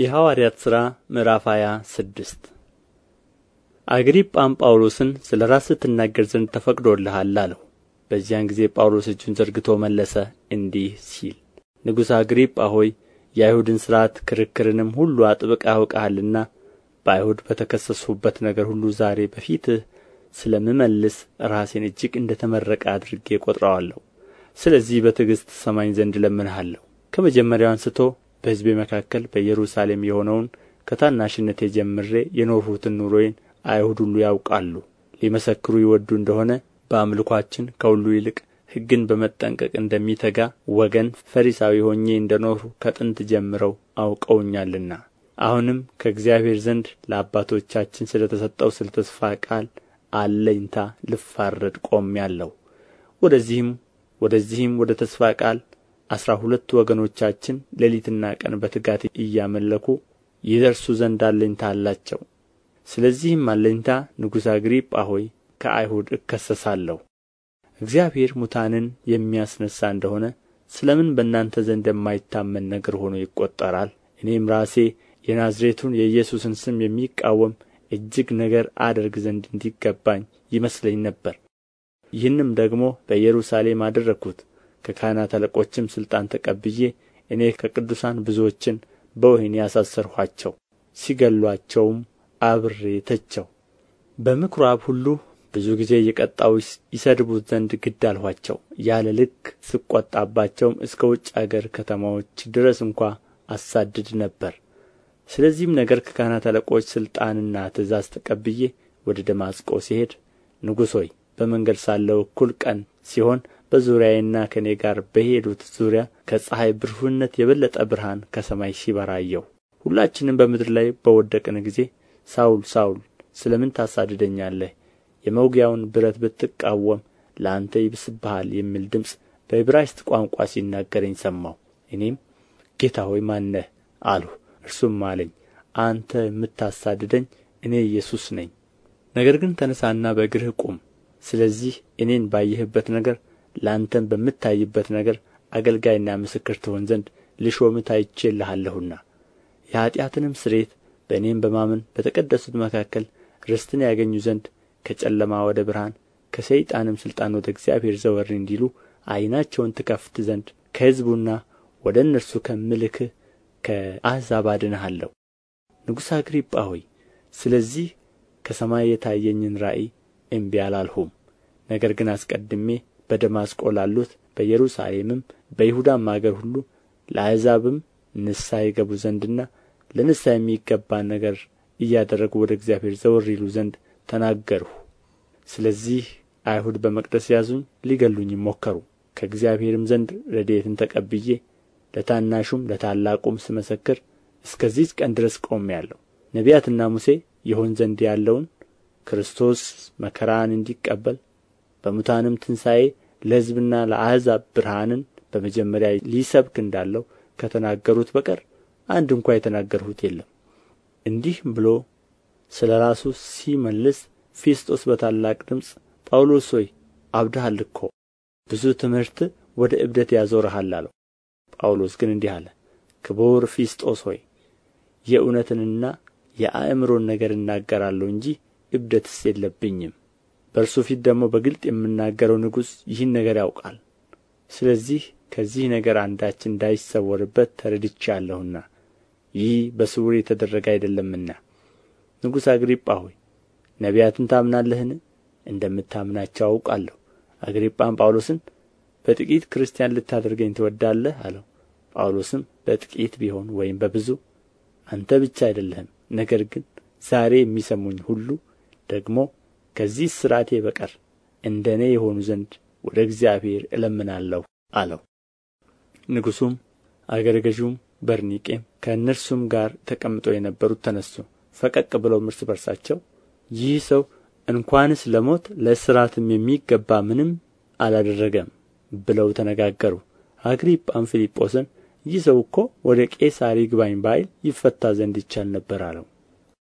የሐዋርያት ሥራ ምዕራፍ ሃያ ስድስት አግሪጳም ጳውሎስን ስለ ራስህ ትናገር ዘንድ ተፈቅዶልሃል አለው። በዚያን ጊዜ ጳውሎስ እጁን ዘርግቶ መለሰ እንዲህ ሲል፣ ንጉሥ አግሪጳ ሆይ የአይሁድን ሥርዓት ክርክርንም ሁሉ አጥብቀህ አውቀሃልና በአይሁድ በተከሰስሁበት ነገር ሁሉ ዛሬ በፊትህ ስለምመልስ ራሴን እጅግ እንደ ተመረቀ አድርጌ ቈጥረዋለሁ። ስለዚህ በትዕግሥት ሰማኝ ዘንድ እለምንሃለሁ። ከመጀመሪያው አንስቶ በሕዝቤ መካከል በኢየሩሳሌም የሆነውን ከታናሽነቴ ጀምሬ የኖርሁትን ኑሮዬን አይሁድ ሁሉ ያውቃሉ ሊመሰክሩ ይወዱ እንደሆነ በአምልኳችን ከሁሉ ይልቅ ሕግን በመጠንቀቅ እንደሚተጋ ወገን ፈሪሳዊ ሆኜ እንደ ኖርሁ ከጥንት ጀምረው አውቀውኛልና አሁንም ከእግዚአብሔር ዘንድ ለአባቶቻችን ስለ ተሰጠው ስለ ተስፋ ቃል አለኝታ ልፋረድ ቆሜአለሁ ወደዚህም ወደዚህም ወደ ተስፋ ቃል አሥራ ሁለቱ ወገኖቻችን ሌሊትና ቀን በትጋት እያመለኩ ይደርሱ ዘንድ አለኝታ አላቸው ስለዚህም አለኝታ ንጉሥ አግሪጳ ሆይ ከአይሁድ እከሰሳለሁ እግዚአብሔር ሙታንን የሚያስነሣ እንደሆነ ስለ ምን በእናንተ ዘንድ የማይታመን ነገር ሆኖ ይቈጠራል እኔም ራሴ የናዝሬቱን የኢየሱስን ስም የሚቃወም እጅግ ነገር አደርግ ዘንድ እንዲገባኝ ይመስለኝ ነበር ይህንም ደግሞ በኢየሩሳሌም አደረግሁት ከካህናት አለቆችም ሥልጣን ተቀብዬ እኔ ከቅዱሳን ብዙዎችን በወህኒ አሳሰርኋቸው ሲገሏቸውም አብሬ ተቸው በምኵራብ ሁሉ ብዙ ጊዜ እየቀጣው ይሰድቡት ዘንድ ግድ አልኋቸው ያለ ልክ ስቈጣባቸውም እስከ ውጭ አገር ከተማዎች ድረስ እንኳ አሳድድ ነበር ስለዚህም ነገር ከካህናት አለቆች ሥልጣንና ትእዛዝ ተቀብዬ ወደ ደማስቆ ሲሄድ ንጉሥ ሆይ በመንገድ ሳለው እኩል ቀን ሲሆን በዙሪያዬና ከእኔ ጋር በሄዱት ዙሪያ ከፀሐይ ብርሁነት የበለጠ ብርሃን ከሰማይ ሲበራ አየሁ ሁላችንም በምድር ላይ በወደቅን ጊዜ ሳውል ሳውል ስለ ምን ታሳድደኛለህ የመውጊያውን ብረት ብትቃወም ለአንተ ይብስብሃል የሚል ድምፅ በዕብራይስጥ ቋንቋ ሲናገረኝ ሰማሁ እኔም ጌታ ሆይ ማን ነህ አልሁ እርሱም አለኝ አንተ የምታሳድደኝ እኔ ኢየሱስ ነኝ ነገር ግን ተነሳና በእግርህ ቁም ስለዚህ እኔን ባየህበት ነገር ለአንተም በምታይበት ነገር አገልጋይና ምስክር ትሆን ዘንድ ልሾምት ታይቼልሃለሁና የኃጢአትንም ስሬት በእኔም በማመን በተቀደሱት መካከል ርስትን ያገኙ ዘንድ ከጨለማ ወደ ብርሃን ከሰይጣንም ሥልጣን ወደ እግዚአብሔር ዘወር እንዲሉ ዐይናቸውን ትከፍት ዘንድ ከሕዝቡና ወደ እነርሱ ከምልክህ ከአሕዛብ አድንሃለሁ። ንጉሥ አግሪጳ ሆይ ስለዚህ ከሰማይ የታየኝን ራእይ እምቢ አላልሁም፣ ነገር ግን አስቀድሜ በደማስቆ ላሉት በኢየሩሳሌምም በይሁዳም አገር ሁሉ ለአሕዛብም ንስሐ ይገቡ ዘንድና ለንስሐ የሚገባ ነገር እያደረጉ ወደ እግዚአብሔር ዘወር ይሉ ዘንድ ተናገርሁ ስለዚህ አይሁድ በመቅደስ ያዙኝ ሊገሉኝ ሞከሩ ከእግዚአብሔርም ዘንድ ረድኤትን ተቀብዬ ለታናሹም ለታላቁም ስመሰክር እስከዚህ ቀን ድረስ ቆሜአለሁ ነቢያትና ሙሴ ይሆን ዘንድ ያለውን ክርስቶስ መከራን እንዲቀበል በሙታንም ትንሣኤ ለሕዝብና ለአሕዛብ ብርሃንን በመጀመሪያ ሊሰብክ እንዳለው ከተናገሩት በቀር አንድ እንኳ የተናገርሁት የለም እንዲህም ብሎ ስለ ራሱ ሲመልስ ፊስጦስ በታላቅ ድምፅ ጳውሎስ ሆይ አብድሃል እኮ ብዙ ትምህርት ወደ እብደት ያዞርሃል አለው ጳውሎስ ግን እንዲህ አለ ክቡር ፊስጦስ ሆይ የእውነትንና የአእምሮን ነገር እናገራለሁ እንጂ እብደትስ የለብኝም በእርሱ ፊት ደግሞ በግልጥ የምናገረው ንጉሥ ይህን ነገር ያውቃል። ስለዚህ ከዚህ ነገር አንዳች እንዳይሰወርበት ተረድቼአለሁና ይህ በስውር የተደረገ አይደለምና። ንጉሥ አግሪጳ ሆይ ነቢያትን ታምናለህን? እንደምታምናቸው አውቃለሁ። አግሪጳም ጳውሎስን በጥቂት ክርስቲያን ልታደርገኝ ትወዳለህ አለው። ጳውሎስም በጥቂት ቢሆን ወይም በብዙ አንተ ብቻ አይደለህም፣ ነገር ግን ዛሬ የሚሰሙኝ ሁሉ ደግሞ ከዚህ እስራቴ በቀር እንደ እኔ የሆኑ ዘንድ ወደ እግዚአብሔር እለምናለሁ አለው ንጉሡም አገረ ገዡም በርኒቄም ከእነርሱም ጋር ተቀምጠው የነበሩት ተነሱ ፈቀቅ ብለውም እርስ በርሳቸው ይህ ሰው እንኳንስ ለሞት ለእስራትም የሚገባ ምንም አላደረገም ብለው ተነጋገሩ አግሪጳም ፊልጶስን ይህ ሰው እኮ ወደ ቄሳር ይግባኝ ባይል ይፈታ ዘንድ ይቻል ነበር አለው